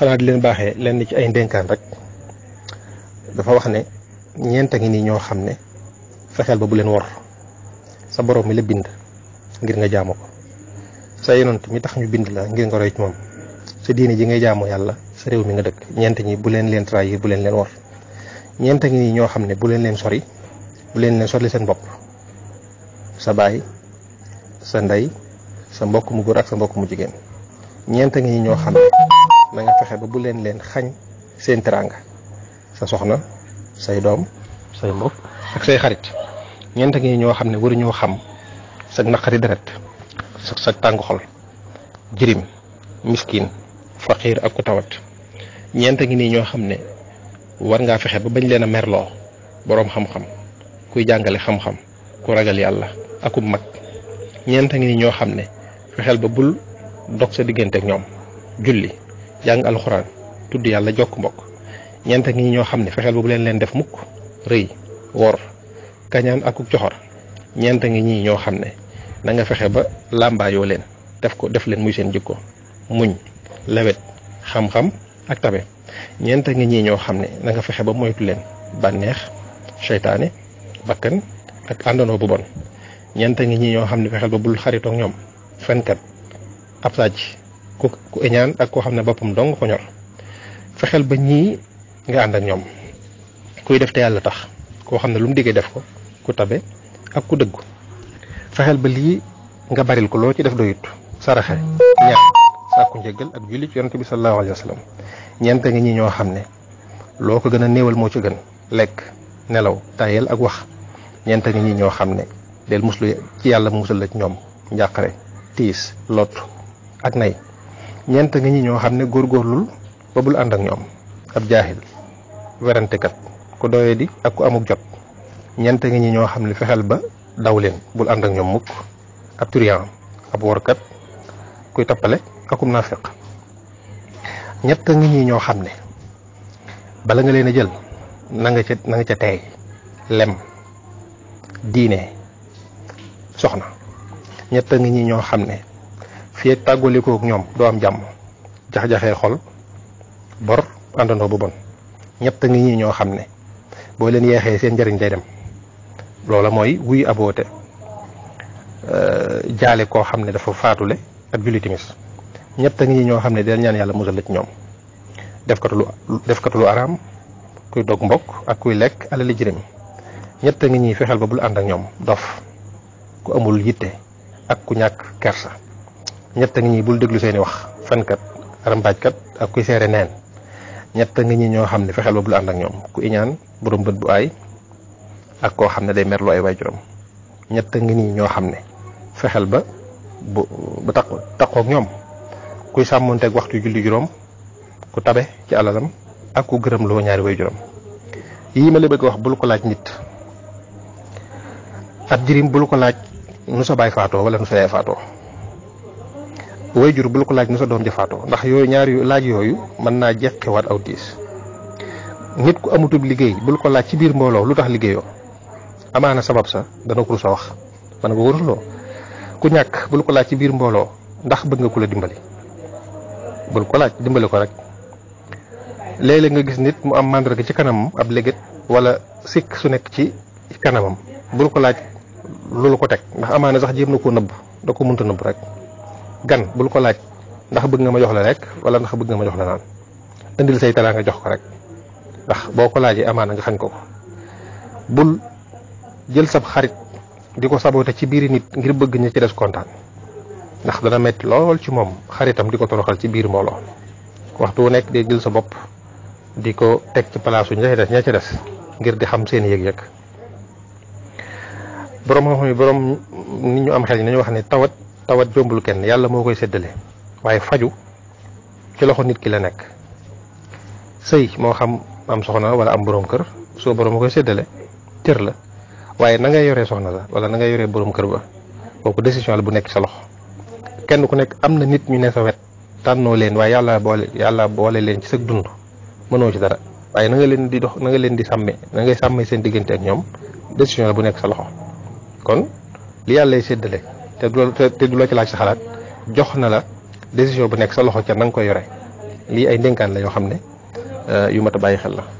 xanaa di leen baaxee lenn ci ay ndenkaan rek dafa wax ne ñeent a ngi nii ñoo xam ne fexeel ba bu leen wor sa borom mi la bind ngir nga jaamu ko sa yonent mi tax ñu bind la ngir nga roy ci moom sa diine ji ngay jaamu yàlla sa réew mi nga dëkk ñeent ñi bu leen leen trahir bu leen leen wor ñeent a ngi nii ñoo xam ne bu leen leen sori bu leen leen sori seen bopp sa baay sa ndey sa mbokk mu góor ak sa mbokk mu jigéen ñeent a ngi nii ñoo na nga fexé ba bu len len xagn sen teranga sa soxna say dom say mbokk ak say xarit ñent ngi ñoo xamne ne waruñoo xam sa nakari deret sa sag xol jirim miskin faqir ak ku tawat ñent ngi ni ñoo xamne ne war nga fexé ba bañ leena merlo borom xam-xam kuy jàngale xam-xam ku ragal yàlla akub mag ñent ngi ni ñoo xamne ne ba bul dox sa ak julli jàng alxuraan tudd yàlla jokk mbokk ñeent ak ñi ñoo xam ne fexeel bu leen leen def mukk rëy wor kañaan ak coxor ñeent ngi ñii ñoo xam ne na nga fexe ba làmbaayoo leen def ko def leen muy seen jikko muñ lewet xam ak tabe ñeent ngi ñii ñoo xam ne na fexe ba moytu leen bànneex seytaane bakkan ak àndandoo bu bon ñeent ngi ñii ñoo xam ne fexeel ba bul xaritook ñoom fenkat ab sàcc ku ku iñaan ak koo xam ne boppam dong ko ñor fexeel ba ñii nga ànd ak ñoom kuy def te yàlla tax koo xam ne lu mu diggee def ko ku tabe ak ku dëggu fexeel ba lii nga baril ko loo ci def doyut saraxe ñaan sàkku njëggal ak julli ci yonante bi sallallahu alayhi wa sallam ñeente nga ñi ñoo xam ne loo ko gën a néewal moo ci gën lekk nelaw tayel ak wax ñeente nga ñi ñoo xam ne del muslu ci yàlla musal la ci ñoom njàqare tiis lot ak nay ñeent nga ñi ñoo xam ne góorgóorlul ba bul ànd ak ñoom ab jaaxil werantekat ku doyee di ak ku amuk jot ñeent nga ñi ñoo xam ne fexeel ba daw leen bul ànd ak ñoom mukk ab turiyan ab workat kuy tappale akum naafiq ñett nga ñi ñoo xam ne bala nga leen a jël na nga ca na ca teey lem diine soxna ñett nga ñi ñoo xam ne fii ak tàggalikoo ak ñoom doo am jàmm jax-jaxee xol bor àndandoo bu bon ñett ngi ñi ñoo xam ne boo leen yeexee seen njariñ day dem loola mooy wuy aboote euh, jaale koo xam ne dafa faatule ak julli timis ñett ngi ñi ñoo xam ne dinañ ñaan yàlla musal la ñoom def katu lu def katu lu araam kuy dog mbokk ak kuy lekk alali jirim ñett ngi ñi fexeel ba bul ànd ak ñoom dof ku amul yitte ak ku ñàkk kersa ñett ngi ñi bul déglu seeni wax fenkat rambaajkat ak kuy seere neen ñett ngi ñi ñoo xam ne fexeel ba bul ànd ak ñoom ku iñaan borom bët bu aay koo xam ne day merlu ay waajuram ñett ngi ñoo xam ne fexeel ba bu bu taq taqoog ñoom kuy sàmmonteeg waxtu julli juróom ku tabe ci alalam ak ku gërëm loo ñaari juróom yii ma la bëgg wax bul ko laaj nit at jirim bul ko laaj nu sa baay faatoo wala nu sa yaay faatoo wayjur bu la ko laaj nu sa doom jafaatoo ndax ñaar yu laaj yooyu mën naa jeqiwaat aw diis nit ku amutub liggéey bul ko laaj ci bir mbolo lutax tax yo amana sabab sa na ko rusa wax man nga waruloo ku ñàkk bul ko laaj ci bir mbolo ndax bëgg nga ko la dimbali bul ko laaj dimbali ko rek léeg nga gis nit mu am màndarga ci kanam ab legget wala sik su nek ci kanamam bul ko laaj loolu ko tek ndax amana sax jëm na ko neub da ko muntu neub rek gan bul ko laaj ndax bëgg nga ma jox la rek wala ndax bëgg nga ma jox la naan andil say talaa nga jox ko rek ndax boko amana nga xañ ko bul jël sab xarit di ko ci biir nit ngir bëgg ñi ci dess kontaan ndax dana metti lool ci mom xaritam di ko toroxal ci biir mbooloo waxtu nek nekk day jël sa bop di ko tek ci place ña des ña ci dess ngir di xam seen yëg borom xam borom nit ñu am xel ñu wax ni tawat tawat jombul kenn yalla mo koy seddelé waye faju ci loxo nit ki la nek sey mo xam am soxna wala am borom kër so borom koy seddelé cër la waye na nga yoré soxna la wala na nga yoré borom kër ba boku décision la bu nek sa loxo kenn ku nek amna nit ñu ne wet tanno leen waye yalla boole yalla boole leen ci sa dund mëno ci dara waye na nga leen di dox na nga leen di sàmme na ngay sàmme seen digënté ak ñom décision la bu nek sa loxo kon li lay seddelé te te du la ci laaj sa xalaat jox na la décision bu nekk sa loxo ca na nga ko yore lii ay ndénkaan la yoo xam ne euh, yu mat a bàyyi xel la.